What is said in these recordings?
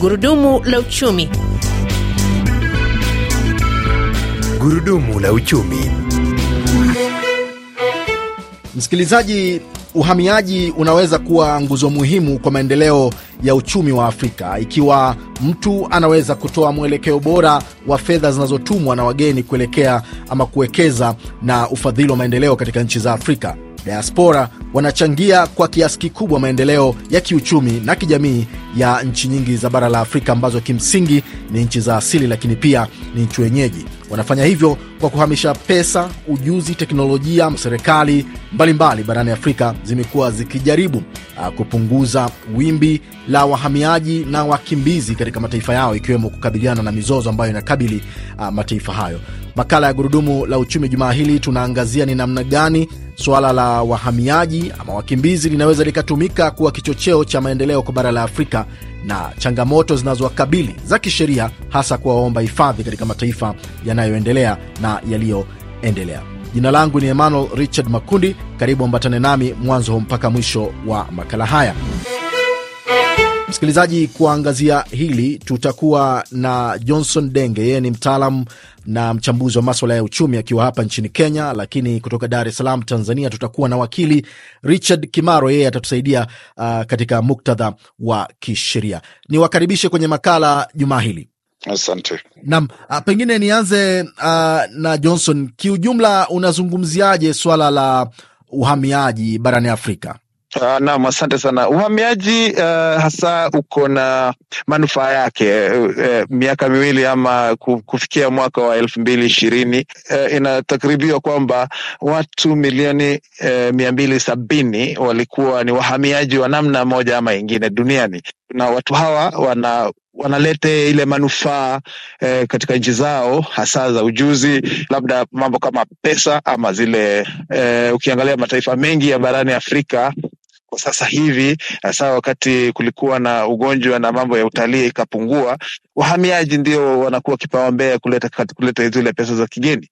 Gurudumu la uchumi. Gurudumu la uchumi. Msikilizaji, uhamiaji unaweza kuwa nguzo muhimu kwa maendeleo ya uchumi wa Afrika ikiwa mtu anaweza kutoa mwelekeo bora wa fedha zinazotumwa na wageni kuelekea ama kuwekeza na ufadhili wa maendeleo katika nchi za Afrika diaspora wanachangia kwa kiasi kikubwa maendeleo ya kiuchumi na kijamii ya nchi nyingi za bara la Afrika ambazo kimsingi ni nchi za asili, lakini pia ni nchi wenyeji. Wanafanya hivyo kwa kuhamisha pesa, ujuzi, teknolojia. Serikali mbalimbali barani Afrika zimekuwa zikijaribu ah, kupunguza wimbi la wahamiaji na wakimbizi katika mataifa yao, ikiwemo kukabiliana na mizozo ambayo inakabili ah, mataifa hayo. Makala ya Gurudumu la Uchumi jumaa hili tunaangazia ni namna gani suala la wahamiaji ama wakimbizi linaweza likatumika kuwa kichocheo cha maendeleo kwa bara la Afrika na changamoto zinazowakabili za kisheria, hasa kuwaomba hifadhi katika mataifa yanayoendelea na yaliyoendelea. Jina langu ni Emmanuel Richard Makundi. Karibu ambatane nami mwanzo mpaka mwisho wa makala haya. Msikilizaji, kuangazia hili tutakuwa na Johnson Denge. Yeye ni mtaalam na mchambuzi wa maswala ya uchumi akiwa hapa nchini Kenya, lakini kutoka Dar es Salaam, Tanzania, tutakuwa na wakili Richard Kimaro, yeye atatusaidia uh, katika muktadha wa kisheria. Niwakaribishe kwenye makala jumaa hili. Asante. Uh, pengine nianze uh, na Johnson, kiujumla unazungumziaje swala la uhamiaji barani Afrika? Uh, naam, asante sana. Uhamiaji uh, hasa uko na manufaa yake. Uh, uh, miaka miwili ama kufikia mwaka wa elfu mbili ishirini uh, inatakribiwa kwamba watu milioni uh, mia mbili sabini walikuwa ni wahamiaji wa namna moja ama ingine duniani, na watu hawa wana wanalete ile manufaa eh, katika nchi zao hasa za ujuzi, labda mambo kama pesa ama zile eh, ukiangalia mataifa mengi ya barani Afrika kwa sasa hivi, hasa wakati kulikuwa na ugonjwa na mambo ya utalii ikapungua, wahamiaji ndio wanakuwa kipaumbele kuleta, kuleta zile pesa za kigeni.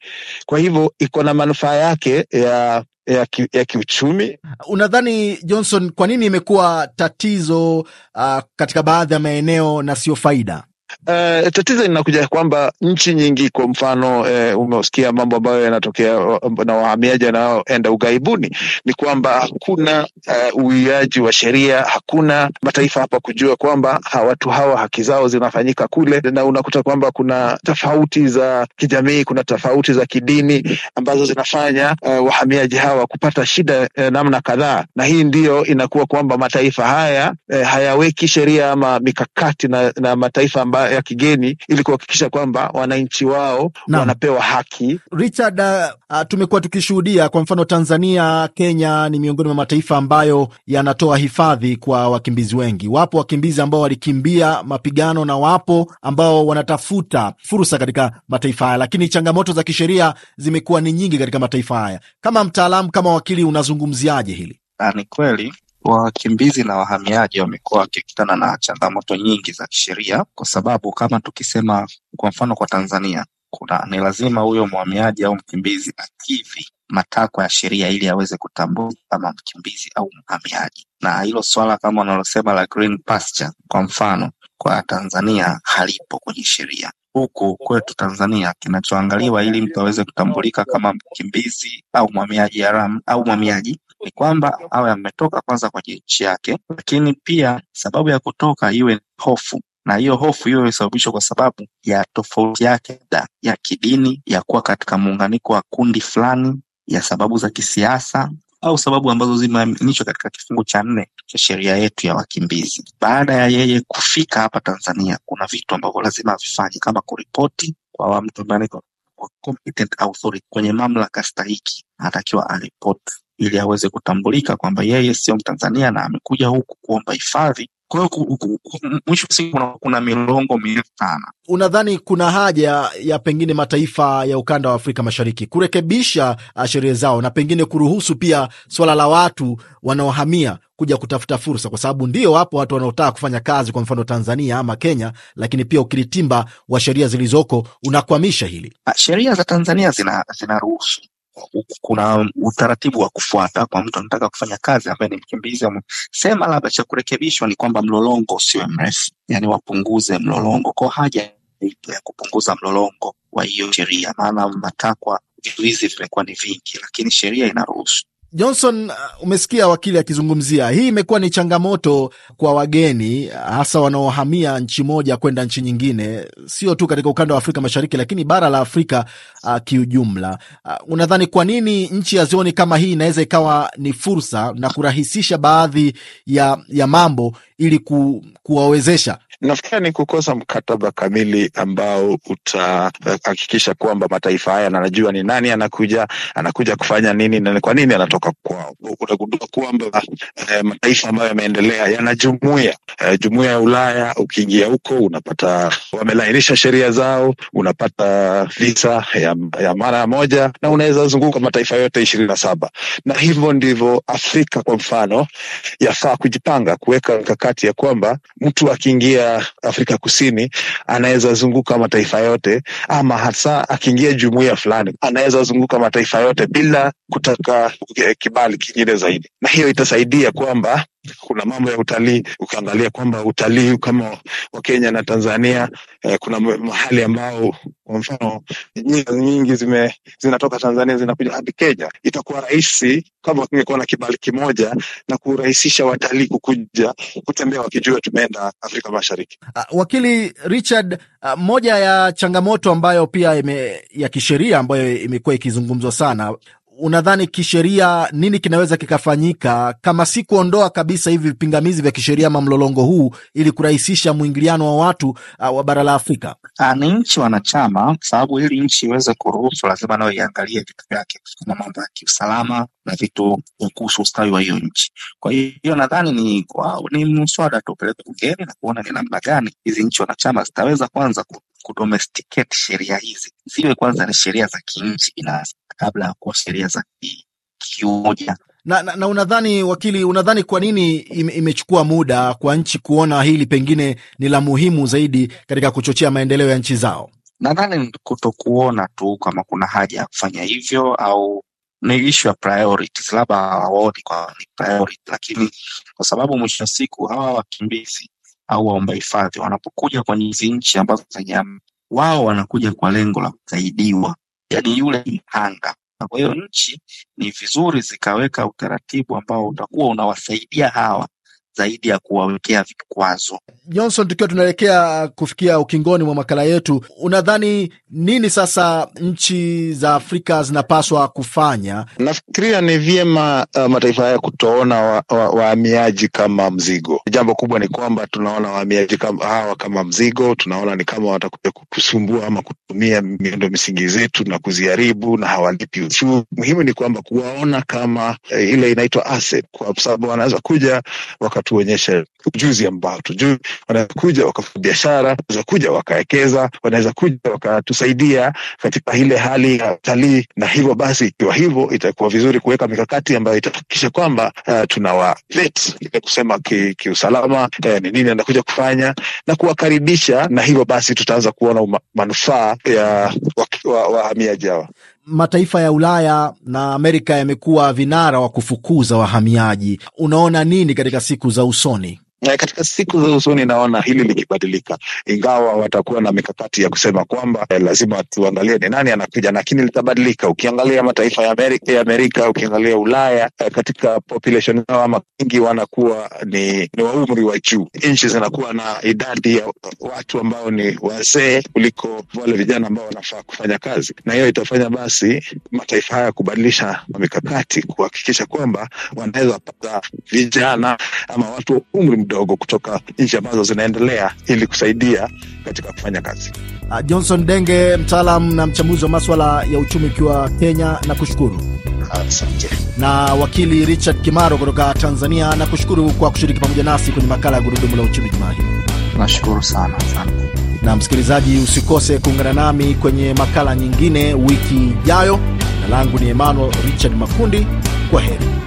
Kwa hivyo iko na manufaa yake ya ya, ki, ya kiuchumi. Unadhani Johnson, kwa nini imekuwa tatizo uh, katika baadhi ya maeneo na sio faida? Uh, tatizo linakuja kwamba nchi nyingi kwa mfano uh, umesikia mambo ambayo yanatokea eh, na wahamiaji wanaoenda ughaibuni, ni kwamba hakuna uwiaji uh, wa sheria, hakuna mataifa hapa kujua kwamba watu hawa haki zao zinafanyika kule, na unakuta kwamba kuna tofauti za kijamii, kuna tofauti za kidini ambazo zinafanya uh, wahamiaji hawa kupata shida uh, namna kadhaa, na hii ndiyo inakuwa kwamba mataifa haya uh, hayaweki sheria ama mikakati na, na mataifa amba ambayo ya kigeni ili kuhakikisha kwamba wananchi wao na wanapewa haki. Richard, uh, uh, tumekuwa tukishuhudia kwa mfano Tanzania, Kenya ni miongoni mwa mataifa ambayo yanatoa hifadhi kwa wakimbizi wengi. Wapo wakimbizi ambao walikimbia mapigano na wapo ambao wanatafuta fursa katika mataifa haya, lakini changamoto za kisheria zimekuwa ni nyingi katika mataifa haya. Kama mtaalamu, kama wakili, unazungumziaje hili? Ah, ni kweli Wakimbizi na wahamiaji wamekuwa wakikutana na changamoto nyingi za kisheria, kwa sababu kama tukisema kwa mfano kwa Tanzania kuna ni lazima huyo mhamiaji au mkimbizi akidhi matakwa ya sheria ili aweze kutambua kama mkimbizi au mhamiaji. Na hilo swala kama unalosema la green pasture, kwa mfano kwa Tanzania halipo kwenye sheria. Huku kwetu Tanzania kinachoangaliwa ili mtu aweze kutambulika kama mkimbizi au mhamiaji haramu au mhamiaji ni kwamba awe ametoka kwanza kwenye nchi yake, lakini pia sababu ya kutoka iwe hofu na hiyo hofu hiyo imesababishwa kwa sababu ya tofauti yake da, ya kidini, ya kuwa katika muunganiko wa kundi fulani, ya sababu za kisiasa au sababu ambazo zimeainishwa katika kifungu cha nne cha sheria yetu ya wakimbizi. Baada ya yeye kufika hapa Tanzania, kuna vitu ambavyo lazima avifanye kama kuripoti kwa mtu ambaye anaitwa competent authority, kwenye mamlaka stahiki anatakiwa aripoti ili aweze kutambulika kwamba yeye sio Mtanzania na amekuja huku kuomba hifadhi. Kwa hiyo mwisho wa siku kuna, milongo mirefu sana. Unadhani kuna haja ya pengine mataifa ya ukanda wa Afrika Mashariki kurekebisha uh, sheria zao na pengine kuruhusu pia swala la watu wanaohamia kuja kutafuta fursa, kwa sababu ndio wapo watu wanaotaka kufanya kazi, kwa mfano Tanzania ama Kenya, lakini pia ukiritimba wa sheria zilizoko unakwamisha hili. Ah, sheria za Tanzania zinaruhusu zina kuna utaratibu wa kufuata kwa mtu anataka kufanya kazi ambaye ni mkimbizi. Sema labda cha kurekebishwa ni kwamba mlolongo usiwe mrefu, yani wapunguze mlolongo kwa haja ya kupunguza mlolongo wa hiyo sheria, maana matakwa vitu hizi vimekuwa ni vingi, lakini sheria inaruhusu Johnson, uh, umesikia wakili akizungumzia hii. Imekuwa ni changamoto kwa wageni, hasa wanaohamia nchi moja kwenda nchi nyingine, sio tu katika ukanda wa Afrika Mashariki, lakini bara la Afrika uh, kiujumla. Uh, unadhani kwa nini nchi hazioni kama hii inaweza ikawa ni fursa na kurahisisha baadhi ya, ya mambo ili ku, kuwawezesha? Nafikiri ni kukosa mkataba kamili ambao utahakikisha kwamba mataifa haya anajua ni nani anakuja anakuja kufanya nini na kwa nini anatoka kwao. Utagundua kwamba eh, mataifa ambayo yameendelea yana jumuia eh, jumuia ya Ulaya. Ukiingia huko unapata wamelainisha sheria zao, unapata visa ya, ya mara moja na unaweza zunguka mataifa yote ishirini na saba na hivyo ndivyo Afrika kwa mfano yafaa kujipanga kuweka mikakati ya kwamba mtu akiingia Afrika Kusini anaweza zunguka mataifa yote, ama hasa akiingia jumuiya fulani anaweza zunguka mataifa yote bila kutaka kibali kingine zaidi, na hiyo itasaidia kwamba kuna mambo ya utalii, ukiangalia kwamba utalii kama wa Kenya na Tanzania eh, kuna mahali ambao kwa mfano nyingi, nyingi zime, zinatoka Tanzania zinakuja hadi Kenya. Itakuwa rahisi kama kingekuwa na kibali kimoja na kurahisisha watalii kukuja kutembea wakijua tumeenda Afrika Mashariki. Uh, wakili Richard, uh, moja ya changamoto ambayo pia ime, ya kisheria ambayo imekuwa ikizungumzwa sana unadhani kisheria nini kinaweza kikafanyika kama si kuondoa kabisa hivi vipingamizi vya kisheria mamlolongo huu ili kurahisisha mwingiliano wa watu uh, wa bara la Afrika? Ni nchi wanachama, sababu ili nchi iweze kuruhusu lazima nayo iangalie vitu vyake na mambo ya kiusalama na vitu kuhusu ustawi wa hiyo nchi. Kwa hiyo nadhani ni kwa, ni mswada tu upeleke bungeni na kuona ni namna gani hizi nchi wanachama zitaweza kwanza kudomesticate sheria hizi, ziwe kwanza ni sheria za kinchi binafsi kabla ya kuwa sheria za kiumoja. Na, na, na unadhani wakili, unadhani kwa nini imechukua muda kwa nchi kuona hili pengine ni la muhimu zaidi katika kuchochea maendeleo ya nchi zao? Nadhani kutokuona tu kama kuna haja ya kufanya hivyo, au ni ishu ya priorities, labda hawaoni kwa ni priority, lakini kwa sababu mwisho wa siku hawa wakimbizi au waomba hifadhi wanapokuja kwenye hizi nchi ambazo zenye wao wanakuja kwa lengo la kusaidiwa yani yule mhanga. Kwa hiyo nchi ni vizuri zikaweka utaratibu ambao utakuwa unawasaidia hawa zaidi ya kuwawekea vikwazo. Johnson, tukiwa tunaelekea kufikia ukingoni mwa makala yetu, unadhani nini sasa nchi za Afrika zinapaswa kufanya? Nafikiria ni vyema uh, mataifa haya kutoona wahamiaji wa, wa kama mzigo. Jambo kubwa ni kwamba tunaona wahamiaji hawa kama mzigo, tunaona ni kama watakuja kutusumbua ama kutumia miundo misingi zetu na kuziharibu, na hawalipi ushuru. Muhimu ni kwamba kuwaona kama uh, ile inaitwa asset, kwa sababu wanaweza kuja wakatuonyesha ujuzi ambao tujui. Wanaweza kuja wakafanya biashara, wanaweza kuja wakawekeza, wanaweza kuja wakatusaidia katika ile hali ya utalii. Na hivyo basi, ikiwa hivyo, itakuwa vizuri kuweka mikakati ambayo itahakikisha kwamba uh, eh, tunawalet kusema kiusalama ki eh, ni eh, nini anakuja kufanya na kuwakaribisha, na hivyo basi tutaanza kuona manufaa ya wahamiaji wa, wa hawa mataifa ya Ulaya na Amerika yamekuwa vinara wa kufukuza wahamiaji. Unaona nini katika siku za usoni? Eh, katika siku za usoni naona hili likibadilika, ingawa watakuwa na mikakati ya kusema kwamba eh, lazima tuangalie ni nani anakuja, lakini litabadilika. Ukiangalia mataifa ya Amerika, ya Amerika ukiangalia Ulaya eh, katika population yao ama wengi wanakuwa ni, ni wa umri wa juu. Nchi zinakuwa na idadi ya watu ambao ni wazee kuliko wale vijana ambao wanafaa kufanya kazi, na hiyo itafanya basi mataifa haya kubadilisha mikakati kuhakikisha kwamba wanaweza pata vijana ama watu wa umri mdogo kutoka nchi ambazo zinaendelea ili kusaidia katika kufanya kazi. Uh, Johnson Denge, mtaalam na mchambuzi wa maswala ya uchumi ukiwa Kenya, na kushukuru asante. Na wakili Richard Kimaro kutoka Tanzania, na kushukuru kwa kushiriki pamoja nasi kwenye makala ya gurudumu la uchumi jumaa hili. Nashukuru sana sana. Na msikilizaji, usikose kuungana nami kwenye makala nyingine wiki ijayo. Na langu ni Emmanuel Richard Makundi. Kwa heri.